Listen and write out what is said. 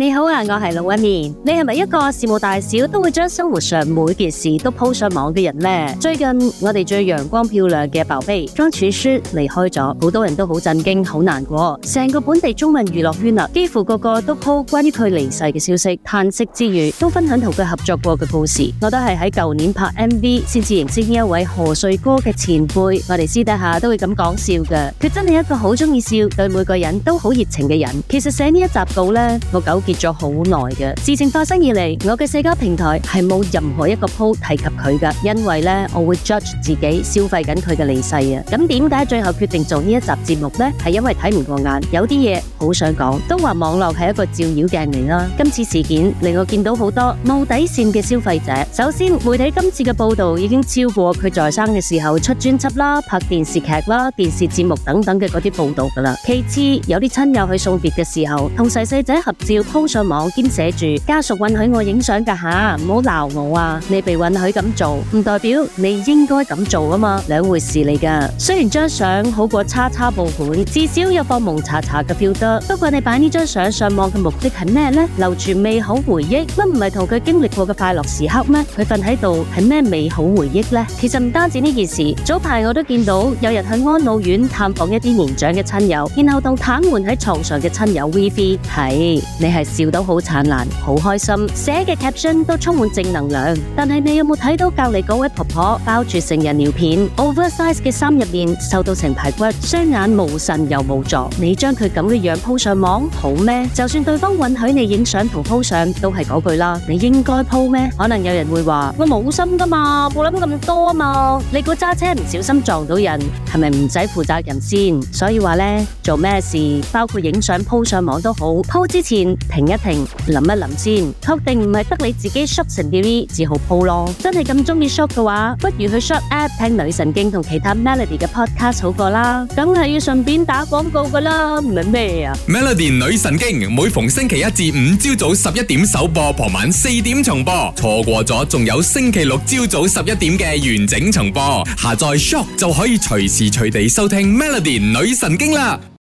你好啊，我係龍紋敏。你係咪一個事務大小都會將生活上每件事都鋪上網嘅人呢？最近我哋最陽光漂亮嘅寶貝莊楚舒離開咗，好多人都好震驚、好難過。成個本地中文娛樂圈啊，幾乎個個都鋪關於佢離世嘅消息，嘆息之餘都分享同佢合作過嘅故事。我都係喺舊年拍 MV 先至認識呢位何瑞哥嘅前輩，我哋私底下都會咁講笑噶。佢真係一個好中意笑、對每個人都好熱情嘅人。其實寫呢一集稿呢。我九。結咗好耐嘅事情發生以嚟，我嘅社交平台係冇任何一個 post 提及佢噶，因為呢，我會 judge 自己消費緊佢嘅利勢啊。咁點解最後決定做呢一集節目呢？係因為睇唔過眼，有啲嘢好想講，都話網絡係一個照妖鏡嚟啦。今次事件令我見到好多冇底線嘅消費者。首先，媒體今次嘅報道已經超過佢在生嘅時候出專輯啦、拍電視劇啦、電視節目等等嘅嗰啲報道噶啦。其次，有啲親友去送別嘅時候，同細細仔合照。封上網兼寫住家屬允許我影相噶吓，唔好鬧我啊！你被允許咁做，唔代表你應該咁做啊嘛，兩回事嚟噶。雖然張相好過叉叉報館，至少有放蒙查查嘅 feel 得。不過你擺呢張相上網嘅目的係咩呢？留住美好回憶，乜唔係同佢經歷過嘅快樂時刻咩？佢瞓喺度係咩美好回憶呢？其實唔單止呢件事，早排我都見到有人去安老院探訪一啲年長嘅親友，然後同癱瘓喺床上嘅親友 video。係你係。笑到好燦爛，好開心，寫嘅 caption 都充滿正能量。但係你有冇睇到隔離嗰位婆婆包住成人尿片，oversize 嘅衫入面瘦到成排骨，雙眼無神又無助。你將佢咁嘅樣 po 上網好咩？就算對方允許你影相同 po 上，都係嗰句啦。你應該 po 咩？可能有人會話我冇心噶嘛，冇諗咁多啊嘛。你估揸車唔小心撞到人，係咪唔使負責任先？所以話呢，做咩事，包括影相 po 上網都好，po 之前。停一停，諗一諗先，確定唔係得你自己 Shook 成啲嘢，只好鋪咯。真係咁中意 Shook 嘅話，不如去 Shook app 聽女神經同其他 Melody 嘅 podcast 好過啦。梗係要順便打廣告噶啦，唔係咩啊？Melody 女神經每逢星期一至五朝早十一點首播，傍晚四點重播，錯過咗仲有星期六朝早十一點嘅完整重播。下載 Shook 就可以隨時隨地收聽 Melody 女神經啦。